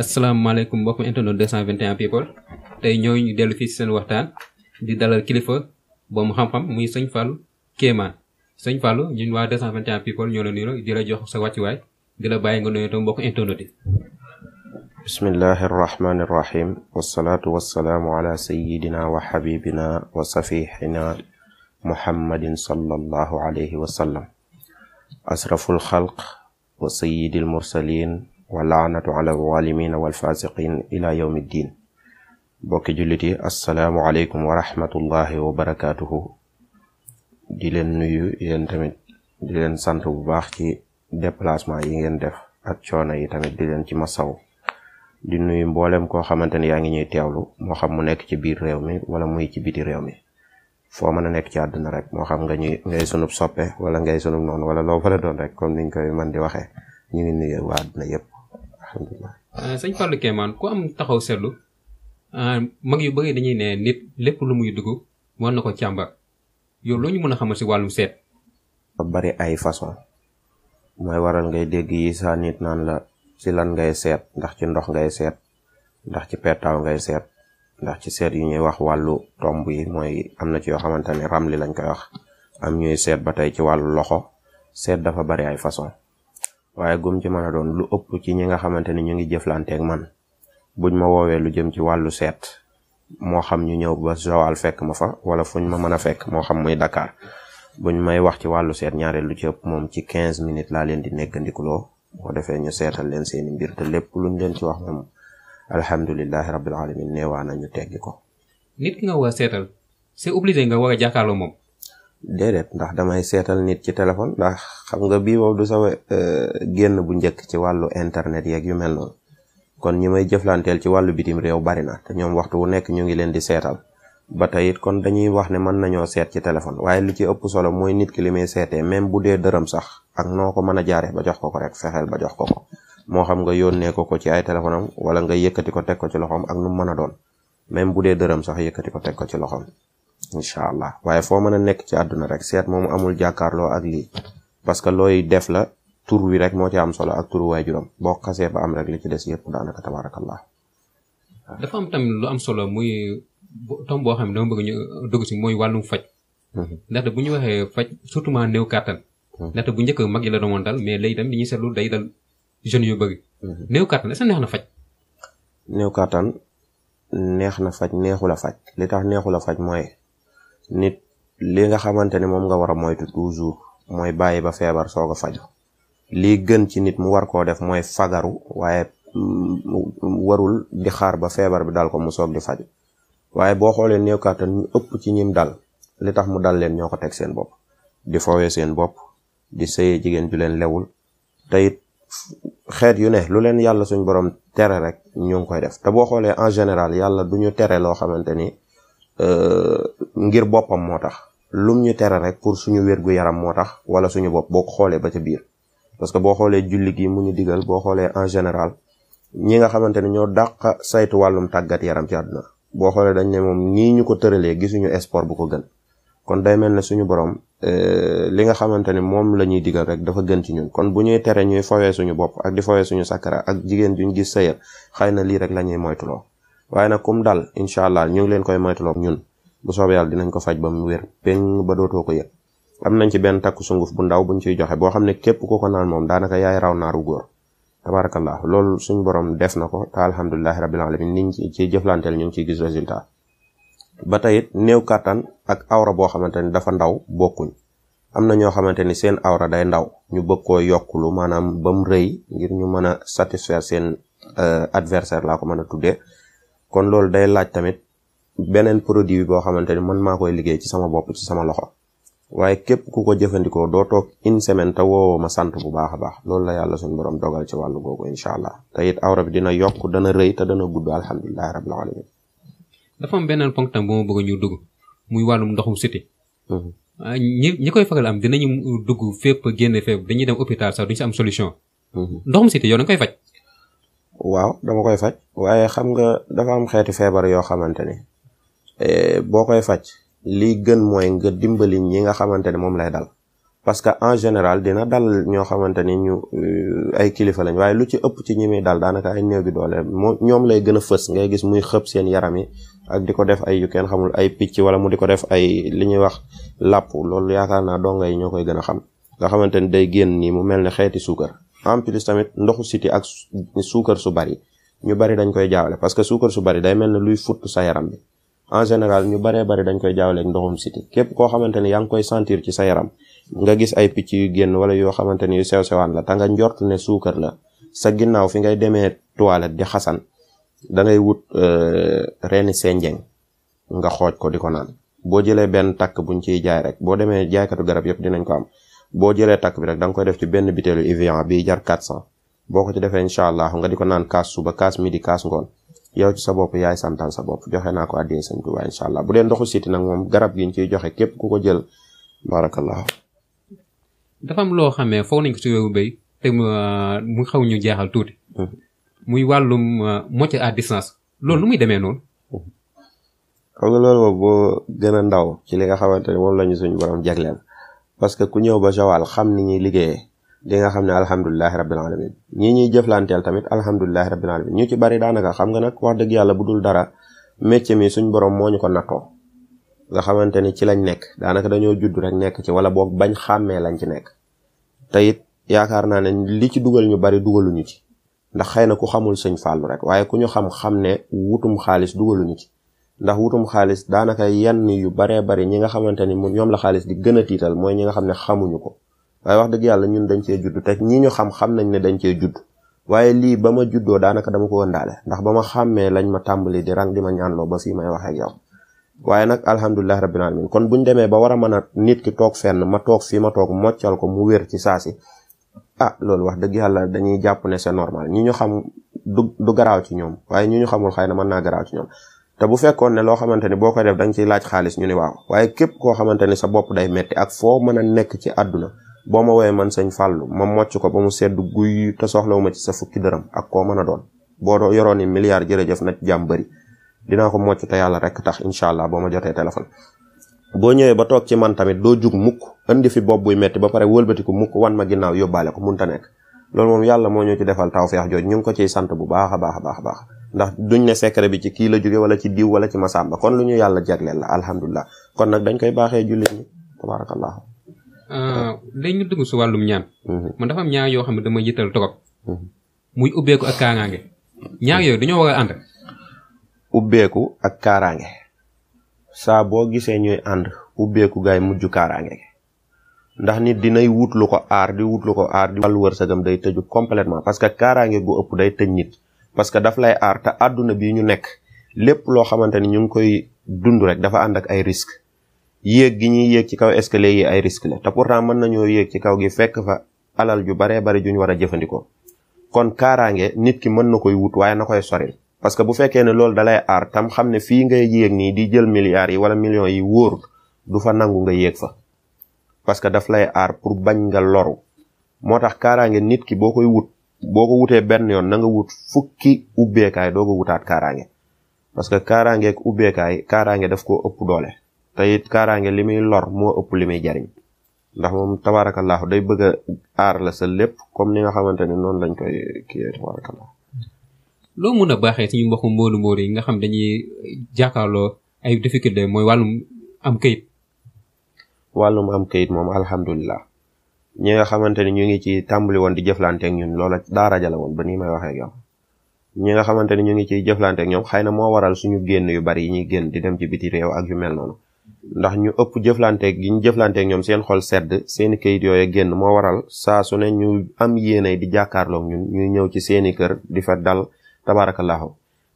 asalaamaaleykum mbokk mi internet people tey ñoo ñu dellu seen waxtaan di dalal kilifa boobu xam-xam muy sëñ Fallou Kéemaan sëñ Fallou ñun waa people ñoo la nuyu di la jox sa wàccuwaay di la bàyyi nga nuyoo mbokk internet yi. bismillahi arrahmani irrahim wassalaatu wassalaamu ala sayidina wa xabibina wa safixina muhammadin sallallahu alayhi wa sallam asraful xalq wa sayidil mursalin walaanatu ala alzaalimina walfasiqin ila yawmi ddin bokki jullit yi assalaamu aleykum wa rahmatullahi wa barakaatuhu di leen nuyu yéen tamit di leen sant bu baax ci déplacement yi ngeen def ak coono yi tamit di leen ci masaw di nuyu mboolem koo xamante ne yaa ngi ñuy teewlu moo xam mu nekk ci biir réew mi wala muy ci biti réew mi foo mën a nekk ci àdduna rek moo xam nga ñuy ngay sunub soppe wala ngay sunub noonu wala loo fa la doon rek comme niñ koy man di waxee ñu ngi nuyu wa a yëpp Euh, sëñ Fallou Kémane ku am taxaw seetlu euh, mag yu bëri dañuy ne nit lépp lu muy dugg war na ko càmbar yow loo ñu mën a xamal si wàllum seet. ba bari ay façon mooy waral ngay dégg yi saa nit naan la ci lan ngay seet ndax ci ndox ngay seet ndax ci pettaaw ngay seet ndax ci seet yu ñuy wax wàllu tomb yi mooy am na ci yoo xamante ne ramli lañ koy wax am ñuy seet ba tey ci wàllu loxo seet dafa bari ay façon waaye gum ci mën a doon lu ëpp ci ñi nga xamante ni ñu ngi jëflanteeg man buñ ma woowee lu jëm ci wàllu seet moo xam ñu ñëw ba Joal fekk ma fa wala fuñ ma mën a fekk moo xam muy Dakar buñ may wax ci wàllu seet ñaareel lu ci ëpp moom ci quinze minutes laa leen di nekkandikuloo boo defee ñu seetal leen seeni mbir te lépp luñ leen ci wax moom alhamdulilahi rabbil alamin neewaa nañu teggi ko nit ki nga war seetal c'est obligé nga war a jàkkaarloo déedéet ndax damay seetal nit ci téléphone ndax xam nga bii moom du sama euh, génn bu njëkk ci wàllu internet yeeg yu mel noonu kon ñi may jëflanteel ci wàllu bitim réew bari na te ñoom waxtu wu nekk ñu ngi leen di seetal ba tey kon dañuy wax ne mën nañoo seet ci téléphone waaye lu ci ëpp solo mooy nit ki li muy seetee même bu dee dërëm sax ak noo ko mën a jaaree ba jox ko ko rek fexeel ba jox ko ko moo xam nga yónnee ko ko ci ay téléphone wala nga yëkkati ko teg ko ci loxoom ak nu mu mën a doon même bu dee dërëm sax yëkkati ko teg ko ci loxoom incha allah waaye foo mën a nekk ci àdduna rek seet moomu amul jàkkaarloo ak lii parce que looy def la tur wi rek moo ci am solo ak turu waajuram boo kasee ba am rek li ci des yëpp daanaka tabaarakallah dafa am tamit lu am solo muy tom boo xam ne dama bëgg ñu dugg mooy wàllum faj. Mhm. ndaxte bu ñu waxee faj surtout ma néew kàttan. Mhm. ndaxte bu njëkk mag yi la doon dal mais léegi tamit li ñuy seetlu day dal jeune yu bëri. Mhm. néew kàttan est-ce neex na faj. néew kàttan neex na faj neexu la faj li tax neexu faj mooy. nit lii nga xamante ne moom nga war a moytu toujours mooy bàyyi ba feebar soog a faju lii gën ci nit mu war koo def mooy fagaru waaye mm, warul di xaar ba feebar bi daal ko mu soog di faju waaye boo xoolee néew kàttan ñu ëpp ci ñim dal li tax mu dal leen ñoo ko teg seen bopp di fowee seen bopp di sëyee jigéen ju leen lewul te xeet yu ne lu leen yàlla suñ borom tere rek ñu ngi koy def te boo xoolee en général yàlla du ñu tere loo xamante ni Euh, ngir boppam moo tax lum ñu tere rek pour suñu wér-gu-yaram moo tax wala suñu bopp boo xoolee ba ca biir parce que boo xoolee julli gi mu ñu digal boo xoolee en général ñi nga xamante ne ñoo dàq saytu wàllum tàggat yaram ci àdduna boo xoolee dañ ne moom ñii ñu ko tëralee gisuñu sport bu ko gën kon day mel ne suñu borom euh, li nga xamante ne moom la ñuy digal rek dafa gën ci ñun kon bu ñuy tere ñuy fawee suñu bopp ak di fawee suñu sakara ak jigéen juñ gis sëyal xëy na lii rek la ñuy moytuloo waaye nag kum daal incha allah ñu ngi leen koy moytaloog ñun bu soobee yàlla dinañ ko faj ba mu wér péng ba dootoo ko yëg am nañ ci benn takku sunguf bu ndaw bu ñu ci joxe boo xam ne képp ku ko naan moom daanaka yaay raw naaru góor tabarakallah loolu suñ borom def na ko te alhamdulilahi rabbil alamin niñ ci ciy jëflanteel ñu ngi ciy gis résultat ba tey it néew kàttan ak awra boo xamante ni dafa ndaw bokkuñ am na ñoo xamante ni seen awra day ndaw ñu bëgg koo yokkulu maanaam ba mu rëy ngir ñu mën a satisfaire seen euh, adversaire laa ko mën a tuddee kon loolu day laaj tamit beneen produit bi boo xamante ni man maa koy liggéey ci sama bopp ci sama loxo waaye képp ku ko jëfandikoo doo toog une semaine te woo ma sant bu baax a baax loolu la yàlla suñu boroom dogal ci wàllu googu incha allah te it awra bi dina yokk dana rëy te dana gudd alhamdulilah rabbil alamin dafa am beneen ponk tam bu ma bëgg ñu dugg muy wàllum ndoxum siti mhm. ah, ñi ñi koy fagal am dinañu dugg fépp génn fépp dañuy dem hôpital sax duñu si am solution mhm. ndoxum siti yow koy faj waaw dama koy faj waaye xam nga dafa am xeeti feebar yoo xamante ne eh, boo koy faj lii gën mooy nga dimbali ñii nga xamante ne moom lay daal parce que en général dina dal ñoo xamante ni ñu eh, ay kilifa lañ waaye lu ci ëpp ci ñi muy dal daanaka ay néew bi doole moom ñoom lay gën a fës ngay gis muy xëp seen yaram yi ak di ko def ay yu kenn xamul ay picc wala mu di ko def ay li ñuy wax lapp loolu yaakaar naa donga yi ñoo koy gën a xam nga xamante ni day génn nii mu mel ne xeeti suukar en plus tamit ndoxu siti ak suukar su bari ñu bari dañ koy jaawale parce que suukar su bari day mel na luy futt sa yaram bi en général ñu baree bari dañ koy jaawale ak ndoxum siti képp koo xamante ne yaa ngi koy sentir ci sa yaram nga gis ay picc yu génn wala yoo xamante ne yu sew sewaan la te nga njort ne suukar la sa ginnaaw fi ngay demee toilette di xasan da ngay wut euh, reeni senjeng nga xooj ko di ko naan boo jëlee benn takk buñ ciy jaay rek boo demee jaaykatu garab yëpp dinañ ko am boo jëlee takk bi rek da nga koy def ci benn biteelu Evian bi jar 400 boo ko ci defee incha allah nga di ko naan kaas suba kaas midi kaas ngoon yow ci sa bopp yaay santaan sa bopp joxe naa ko àddee Sëñ Tuubaa incha allah bu siti nag moom garab gi ñu ciy joxe képp ku ko jël barakallah dafa am loo xamee foog nañ ko ci wéeru te euh, xaw ñu jaaxal tuuti. Hmm. muy wàllum euh, moitié à distance loolu lu muy demee noonu. Hmm. loolu boo gën a ndaw ci li nga xamante ne moom la ñu suñu borom jagleel. parce que ku ñëw ba Joal xam ni ñuy liggéeye di nga xam ne alhamdulilahi rabbil alamin ñii ñuy jëflanteel tamit alhamdulilahi rabbil alamin ñu ci bari daanaka xam nga nag wax dëgg yàlla bu dul dara métier mi suñ borom moo ñu ko nattoo nga xamante ni ci lañ nekk daanaka dañoo judd rek nekk ci wala boog bañ xàmmee lañ ci nekk te it yaakaar naa ne li ci dugal ñu bari dugaluñu ci ndax xëy na ku xamul sëñ fàllu rek waaye ku ñu xam-xam ne wutum xaalis dugaluñu ci ndax wutum xaalis daanaka yenn yu baree bari ñi nga xamante ni mu ñoom la xaalis di gën a tiital mooy ñi nga xam ne xamuñu ko waaye wax dëgg yàlla ñun dañ cee judd teg ñi ñu xam nañ ne dañ cee judd waaye lii ba ma juddoo daanaka dama ko wëndaale ndax ba ma xàmmee lañ ma tàmbali di rang di ma ñaanloo ba fii may wax ak yow waaye nag alhamdulilah rabbil alamin kon buñ demee ba war a mën a nit ki toog fenn ma toog fii ma toog moccal ko mu wér ci saasi ah loolu wax dëgg yàlla dañuy jàpp ne c'est normal ñi ñu xam du du garaaw ci ñoom waaye ñi ñu xamul xay ne mën naa garaaw ci ñoom te bu fekkoon ne loo xamante ni boo koy def da nga ciy laaj xaalis ñu ne waaw waaye képp koo xamante ni sa bopp day metti ak foo mën a nekk ci àdduna boo ma woowee man sëñ Fallou ma mocc ko ba mu sedd guy te soxlawu ma ci sa fukki dërëm ak koo mën a doon boo yoroon ni milliard jërëjëf na jàmm bëri dinaa ko mocc te yàlla rek tax incha allah boo ma jotee téléphone. boo ñëwee ba toog ci man tamit doo jug mukk indi fi bopp buy metti ba pare wëlbatiku mukk wan ma ginnaaw yóbbaale ko munta nekk loolu moom yàlla moo ñu ci defal tawfeex jooju ñu ngi ko ciy sant bu baax a baax baax a ndax duñ ne secret bi ci kii la jóge wala ci diw wala ci masamba kon lu ñu yàlla jagleel la alhamdulilah kon nag dañ koy baaxee jullit ñi tabarakallah euh, léegi ñu dugg si wàllum ñaan mhm. man dafa am ñaar yoo xam ne dama jiital trop mhm. muy ubbeeku ak kaaraange ñaar yooyu dañoo war a ànd ubbeeku ak kaaraange saa boo gisee ñuy ànd ubbeeku gaay mujj kaaraange ndax nit dinay wut lu ko aar di wut ko aar di wàllu wërsëgam day tëju complètement parce que kaaraange gu day tëj parce que dafa lay aar te àdduna bi ñu nekk lépp loo xamante ni ñu ngi koy dund rek dafa ànd ak ay risque yéeg gi ñuy yéeg ci kaw escalier yi ay risque la te pourtant mën nañoo yéeg ci kaw gi fekk fa alal ju baree bari ju ñu war a jëfandikoo kon kaaraange nit ki mën na koy wut waaye na koy soril parce que bu fekkee ne loolu dalay aar tam xam ne fii ngay yéeg nii di jël milliards yi wala million yi wóor du fa nangu nga yéeg fa parce que daf lay aar pour bañ nga loru moo tax kaaraange nit ki boo koy wut boo ko wutee benn yoon nanga wut fukki ubbeekaay doo ko wutaat kaaraange parce que kaaraange ak ubbeekaay kaaraange daf koo ëpp doole te it kaaraange li muy lor moo ëpp li muy jariñ ndax moom tabaarakallaahu day bëgg a aar la sa lépp comme ni nga xamante ne noonu lañ koy kiyee tabaarakallaahu loo mun a baaxee suñu mbokku mboolu mboolu yi nga xam dañuy jàkkaarloo ay difficulté mooy wàllum am kayit wàllum am kayit moom alhamdulilah ñi nga xamante ni ñu ngi ci tàmbali woon di jëflanteek ñun loola daara ja la woon ba nii may waxee ak ñi nga xamante ni ñu ngi ciy jëflanteek ñoom xëy na moo waral suñu génn yu bari yi ñuy génn di dem ci biti réew ak yu mel noonu ndax ñu ëpp jëflanteek gi ñu jëflanteek ñoom seen xol sedd seeni kayit yooyu génn moo waral saa su ñu am yéene di jàkkaarloog ñun ñuy ñëw ci seeni kër di fa dal tabaarakallaahu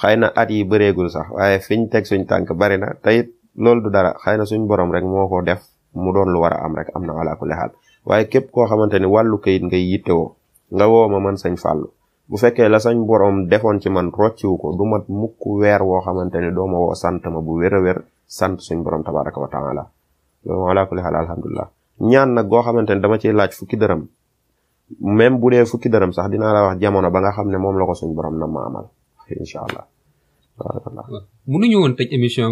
xëy na at yi bëreegul sax waaye fiñ teg suñ tànk bari na teyit loolu du dara xëy na suñ borom rek moo ko def mu doon lu war a am rek am na ala kulli waaye képp koo xamante ni wàllu kayit ngay yittewoo nga woo ma man sañ fàllu bu fekkee la sañ borom defoon ci man rocciwu ko du mat mukk weer woo xamante ni doo ma woo sant ma bu weer a sant suñ borom tabaraka wa taala loolu ala kulli ñaan nag goo xamante ni dama ciy laaj fukki dërëm même bu dee fukki dërëm sax dinaa la wax jamono ba nga xam ne moom la ko suñ borom na ma amal incha allah waaw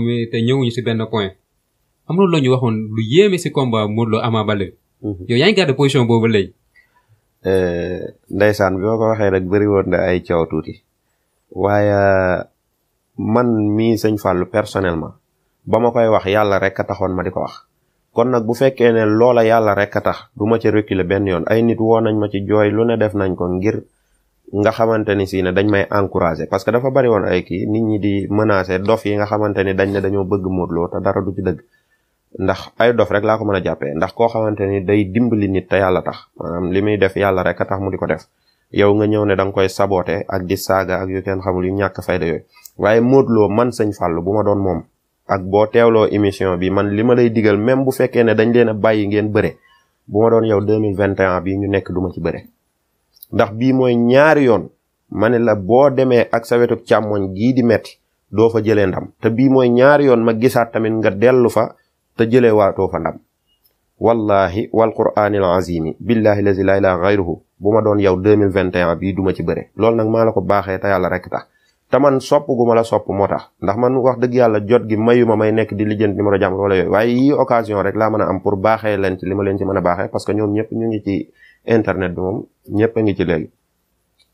bi te ñëwuñu si benn point am na loo ñu waxoon lu yéeme si combat Modou Lo Ama Mhm. yow yaa ngi gardé position boobu léegi. Eh, ndeysaan bi ma ko waxee rek bëri woon na ay coow tuuti waaye man mii sëñ Fallou ma ba ma koy wax yàlla rek a taxoon ma di ko wax. kon nag bu fekkee ne loola yàlla rek a tax du ma ci reculer benn yoon ay nit woo nañ ma ci jooy lu ne def nañ ko ngir nga xamante ni si ne dañ may encourager parce que dafa bari woon ay kii nit ñi di menacer dof yi nga xamante ni dañ ne dañoo bëgg Modou Lo te dara du ci dëgg. ndax ay dof rek laa ko mën a jàppee ndax koo xamante ni day dimbali nit te yàlla tax maanaam li muy def yàlla rek a tax mu di ko def yow nga ñëw ne da nga koy saboté ak di saaga ak yu kenn xamul yu ñàkk fayda yooyu waaye Modou man sëñ Fallou bu ma doon moom ak boo teewloo émission bi man li ma lay digal même bu fekkee ne dañ leen a bàyyi ngeen bëre bu ma doon yow 2021 bii ñu nekk duma ci bëre ndax bii mooy ñaari yoon ma ne la boo demee ak sa wetu càmmoñ gii di metti doo fa jëlee ndam te bii mooy ñaari yoon ma gisaat tamit nga dellu fa te jëlee waatoo fa ndam wallahi wal quraanil azimi billahi lazi laa ilaaha gayruhu bu ma doon yow 2021 bii duma ci bëre loolu nag maa la ko baaxee ta yàlla rek tax te man sopp gu ma la sopp moo tax ndax man wax dëgg yàlla jot gi mayu ma may nekk di lijjanti numéro jàmm wala yooyu waaye yii occasion rek laa mën am pour baaxee leen ci li ma leen ci mën a baaxee parce que ñoom ñëpp ñu ngi ci internet bi moom ñëpp a ngi ci léegi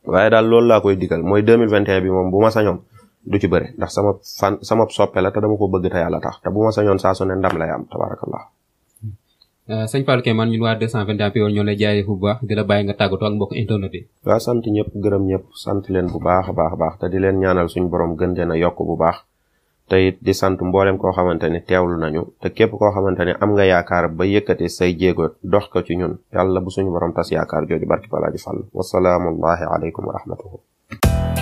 waaye daal loolu laa koy digal mooy 2021 bi moom bu ma sañoon du ci bëre ndax sama fan sama soppe la te dama ko bëgg te yàlla tax te bu ma sañoon saa su ne ndam lay am tabaarakallah. Hmm. Euh, sëñ Fallou man ñun waa 221 People ñoo lay jaayee bu baax di la bàyyi nga tàggatoo ak mbokk internet yi. waaw sant ñëpp gërëm ñëpp sant leen bu baax a baax a baax te di leen ñaanal suñu borom gën leen a yokk bu baax. te di sant mboolem koo xamante ni teewlu nañu te képp koo xamante ni am nga yaakaar ba yëkkati say jéego dox ko ci ñun yàlla bu suñu borom tas yaakaar jooju barki balaa ji fàll wasalaamullahi aleykum wa rahmatuhu